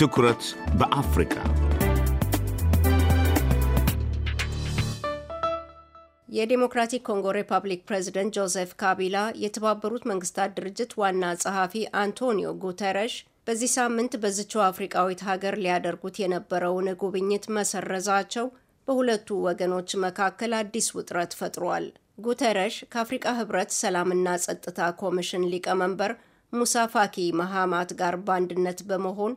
ትኩረት በአፍሪካ የዴሞክራቲክ ኮንጎ ሪፐብሊክ ፕሬዝደንት ጆሴፍ ካቢላ የተባበሩት መንግስታት ድርጅት ዋና ጸሐፊ አንቶኒዮ ጉተረሽ በዚህ ሳምንት በዝችው አፍሪቃዊት ሀገር ሊያደርጉት የነበረውን ጉብኝት መሰረዛቸው በሁለቱ ወገኖች መካከል አዲስ ውጥረት ፈጥሯል። ጉተረሽ ከአፍሪቃ ህብረት ሰላምና ጸጥታ ኮሚሽን ሊቀመንበር ሙሳፋኪ መሃማት ጋር በአንድነት በመሆን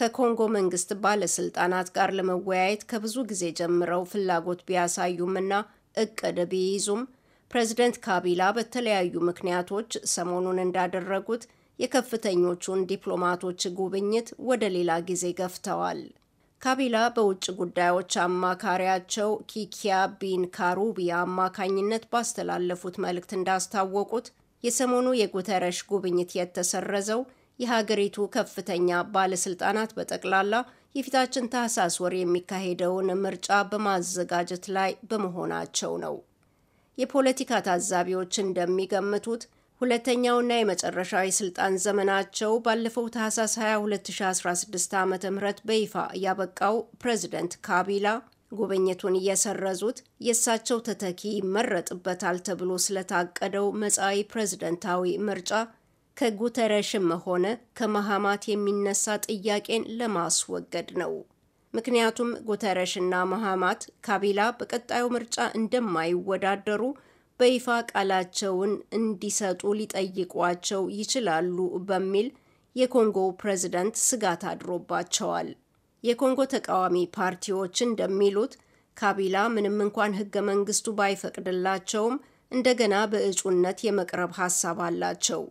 ከኮንጎ መንግስት ባለስልጣናት ጋር ለመወያየት ከብዙ ጊዜ ጀምረው ፍላጎት ቢያሳዩምና እቅድ ቢይዙም ፕሬዝደንት ካቢላ በተለያዩ ምክንያቶች ሰሞኑን እንዳደረጉት የከፍተኞቹን ዲፕሎማቶች ጉብኝት ወደ ሌላ ጊዜ ገፍተዋል። ካቢላ በውጭ ጉዳዮች አማካሪያቸው ኪኪያ ቢን ካሩቢ አማካኝነት ባስተላለፉት መልእክት እንዳስታወቁት የሰሞኑ የጉተረሽ ጉብኝት የተሰረዘው የሀገሪቱ ከፍተኛ ባለስልጣናት በጠቅላላ የፊታችን ታህሳስ ወር የሚካሄደውን ምርጫ በማዘጋጀት ላይ በመሆናቸው ነው። የፖለቲካ ታዛቢዎች እንደሚገምቱት ሁለተኛውና የመጨረሻው የስልጣን ዘመናቸው ባለፈው ታህሳስ 22 2016 ዓ ም በይፋ ያበቃው ፕሬዚደንት ካቢላ ጉብኝቱን እየሰረዙት የእሳቸው ተተኪ ይመረጥበታል ተብሎ ስለታቀደው መጻኢ ፕሬዝደንታዊ ምርጫ ከጉተረሽም ሆነ ከመሃማት የሚነሳ ጥያቄን ለማስወገድ ነው። ምክንያቱም ጉተረሽና መሃማት ካቢላ በቀጣዩ ምርጫ እንደማይወዳደሩ በይፋ ቃላቸውን እንዲሰጡ ሊጠይቋቸው ይችላሉ በሚል የኮንጎ ፕሬዝደንት ስጋት አድሮባቸዋል። የኮንጎ ተቃዋሚ ፓርቲዎች እንደሚሉት ካቢላ ምንም እንኳን ህገ መንግስቱ ባይፈቅድላቸውም እንደገና በእጩነት የመቅረብ ሀሳብ አላቸው።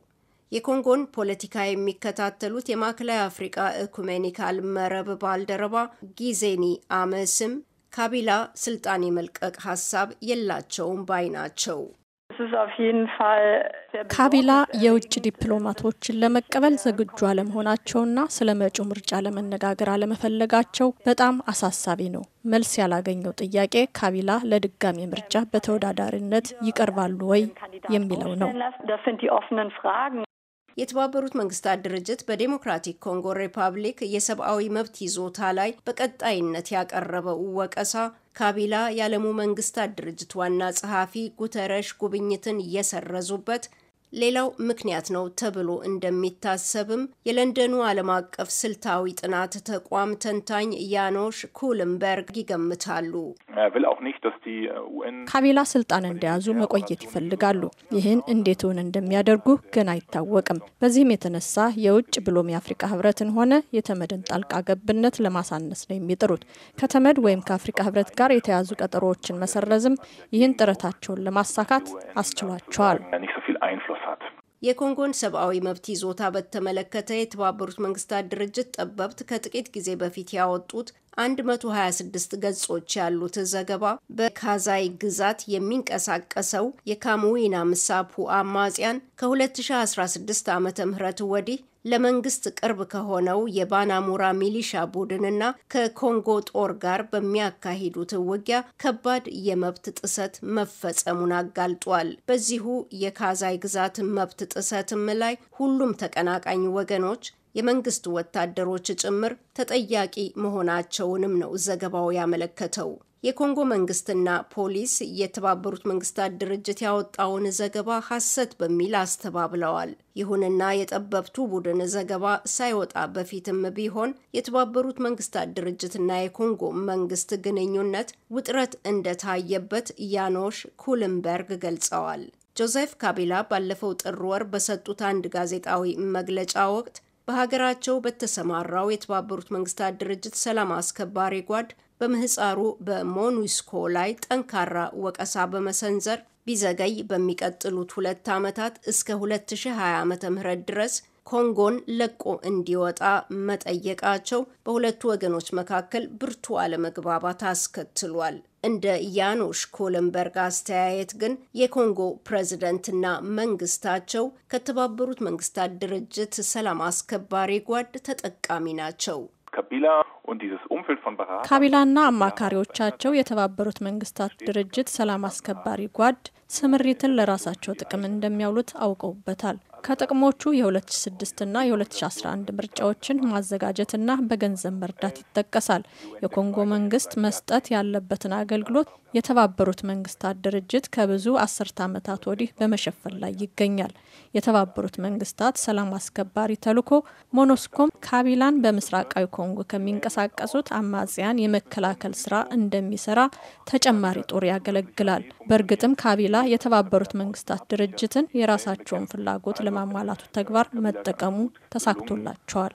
የኮንጎን ፖለቲካ የሚከታተሉት የማዕከላዊ አፍሪቃ ኢኩሜኒካል መረብ ባልደረባ ጊዜኒ አመስም ካቢላ ስልጣን የመልቀቅ ሀሳብ የላቸውም ባይ ናቸው። ካቢላ የውጭ ዲፕሎማቶችን ለመቀበል ዝግጁ አለመሆናቸውና ስለ መጪው ምርጫ ለመነጋገር አለመፈለጋቸው በጣም አሳሳቢ ነው። መልስ ያላገኘው ጥያቄ ካቢላ ለድጋሚ ምርጫ በተወዳዳሪነት ይቀርባሉ ወይ የሚለው ነው። የተባበሩት መንግስታት ድርጅት በዴሞክራቲክ ኮንጎ ሪፐብሊክ የሰብአዊ መብት ይዞታ ላይ በቀጣይነት ያቀረበው ወቀሳ ካቢላ የዓለሙ መንግስታት ድርጅት ዋና ጸሐፊ ጉተረሽ ጉብኝትን የሰረዙበት ሌላው ምክንያት ነው ተብሎ እንደሚታሰብም የለንደኑ ዓለም አቀፍ ስልታዊ ጥናት ተቋም ተንታኝ ያኖሽ ኩልምበርግ ይገምታሉ። Äh, äh, ካቢላ ስልጣን እንደያዙ መቆየት ይፈልጋሉ። ይህን እንዴት እውን እንደሚያደርጉ ግን አይታወቅም። በዚህም የተነሳ የውጭ ብሎም የአፍሪካ ህብረትን ሆነ የተመድን ጣልቃ ገብነት ለማሳነስ ነው የሚጥሩት። ከተመድ ወይም ከአፍሪካ ህብረት ጋር የተያዙ ቀጠሮዎችን መሰረዝም ይህን ጥረታቸውን ለማሳካት አስችሏቸዋል። äh, የኮንጎን ሰብአዊ መብት ይዞታ በተመለከተ የተባበሩት መንግስታት ድርጅት ጠበብት ከጥቂት ጊዜ በፊት ያወጡት 126 ገጾች ያሉት ዘገባ በካዛይ ግዛት የሚንቀሳቀሰው የካሙዊና ምሳፑ አማጽያን ከ2016 ዓ ም ወዲህ ለመንግስት ቅርብ ከሆነው የባናሙራ ሚሊሻ ቡድንና ከኮንጎ ጦር ጋር በሚያካሂዱት ውጊያ ከባድ የመብት ጥሰት መፈጸሙን አጋልጧል። በዚሁ የካዛይ ግዛት መብት ጥሰትም ላይ ሁሉም ተቀናቃኝ ወገኖች የመንግስት ወታደሮች ጭምር ተጠያቂ መሆናቸውንም ነው ዘገባው ያመለከተው። የኮንጎ መንግስትና ፖሊስ የተባበሩት መንግስታት ድርጅት ያወጣውን ዘገባ ሐሰት በሚል አስተባብለዋል። ይሁንና የጠበብቱ ቡድን ዘገባ ሳይወጣ በፊትም ቢሆን የተባበሩት መንግስታት ድርጅትና የኮንጎ መንግስት ግንኙነት ውጥረት እንደታየበት ያኖሽ ኩልምበርግ ገልጸዋል። ጆዜፍ ካቢላ ባለፈው ጥር ወር በሰጡት አንድ ጋዜጣዊ መግለጫ ወቅት በሀገራቸው በተሰማራው የተባበሩት መንግስታት ድርጅት ሰላም አስከባሪ ጓድ በምህፃሩ በሞኑስኮ ላይ ጠንካራ ወቀሳ በመሰንዘር ቢዘገይ በሚቀጥሉት ሁለት ዓመታት እስከ 2020 ዓ ም ድረስ ኮንጎን ለቆ እንዲወጣ መጠየቃቸው በሁለቱ ወገኖች መካከል ብርቱ አለመግባባት አስከትሏል። እንደ ያኖሽ ኮለንበርግ አስተያየት ግን የኮንጎ ፕሬዝደንትና መንግስታቸው ከተባበሩት መንግስታት ድርጅት ሰላም አስከባሪ ጓድ ተጠቃሚ ናቸው። ካቢላና አማካሪዎቻቸው የተባበሩት መንግስታት ድርጅት ሰላም አስከባሪ ጓድ ስምሪትን ለራሳቸው ጥቅም እንደሚያውሉት አውቀውበታል። ከጥቅሞቹ የ2006 ና የ2011 ምርጫዎችን ማዘጋጀትና በገንዘብ መርዳት ይጠቀሳል። የኮንጎ መንግስት መስጠት ያለበትን አገልግሎት የተባበሩት መንግስታት ድርጅት ከብዙ አስርተ ዓመታት ወዲህ በመሸፈን ላይ ይገኛል። የተባበሩት መንግስታት ሰላም አስከባሪ ተልዕኮ ሞኖስኮም ካቢላን በምስራቃዊ ኮንጎ ከሚንቀሳቀሱት አማጽያን የመከላከል ስራ እንደሚሰራ ተጨማሪ ጦር ያገለግላል። በእርግጥም ካቢላ የተባበሩት መንግስታት ድርጅትን የራሳቸውን ፍላጎት ለማሟላቱ ተግባር መጠቀሙ ተሳክቶላቸዋል።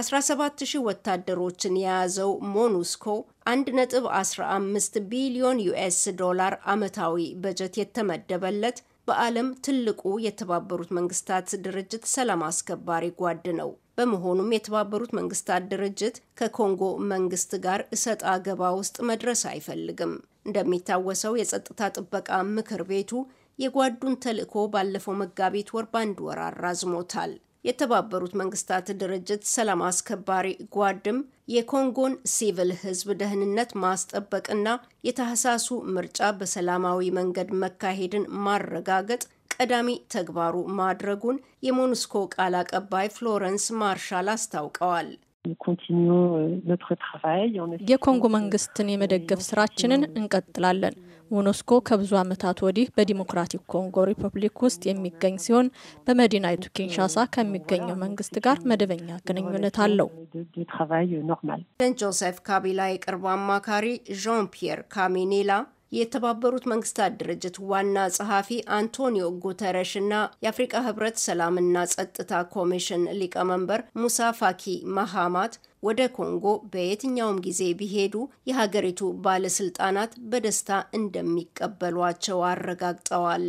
አስራ ሰባት ሺህ ወታደሮችን የያዘው ሞኑስኮ አንድ ነጥብ አስራ አምስት ቢሊዮን ዩኤስ ዶላር አመታዊ በጀት የተመደበለት በዓለም ትልቁ የተባበሩት መንግስታት ድርጅት ሰላም አስከባሪ ጓድ ነው። በመሆኑም የተባበሩት መንግስታት ድርጅት ከኮንጎ መንግስት ጋር እሰጥ አገባ ውስጥ መድረስ አይፈልግም። እንደሚታወሰው የጸጥታ ጥበቃ ምክር ቤቱ የጓዱን ተልዕኮ ባለፈው መጋቢት ወር በአንድ ወር አራዝሞታል። የተባበሩት መንግስታት ድርጅት ሰላም አስከባሪ ጓድም የኮንጎን ሲቪል ሕዝብ ደህንነት ማስጠበቅና የታህሳሱ ምርጫ በሰላማዊ መንገድ መካሄድን ማረጋገጥ ቀዳሚ ተግባሩ ማድረጉን የሞኑስኮ ቃል አቀባይ ፍሎረንስ ማርሻል አስታውቀዋል። Euh, የኮንጎ መንግስትን euh, የመደገፍ ስራችንን እንቀጥላለን። ዩኔስኮ ከብዙ ዓመታት ወዲህ በዲሞክራቲክ ኮንጎ ሪፐብሊክ ውስጥ የሚገኝ ሲሆን በመዲናይቱ ኪንሻሳ ከሚገኘው መንግስት ጋር መደበኛ ግንኙነት አለው። ጆሴፍ ካቢላ የቅርቡ አማካሪ ዣን ፒየር ካሚኔላ የተባበሩት መንግስታት ድርጅት ዋና ጸሐፊ አንቶኒዮ ጉተረሽ እና የአፍሪቃ ህብረት ሰላምና ጸጥታ ኮሚሽን ሊቀመንበር ሙሳ ፋኪ መሃማት ወደ ኮንጎ በየትኛውም ጊዜ ቢሄዱ የሀገሪቱ ባለስልጣናት በደስታ እንደሚቀበሏቸው አረጋግጠዋል።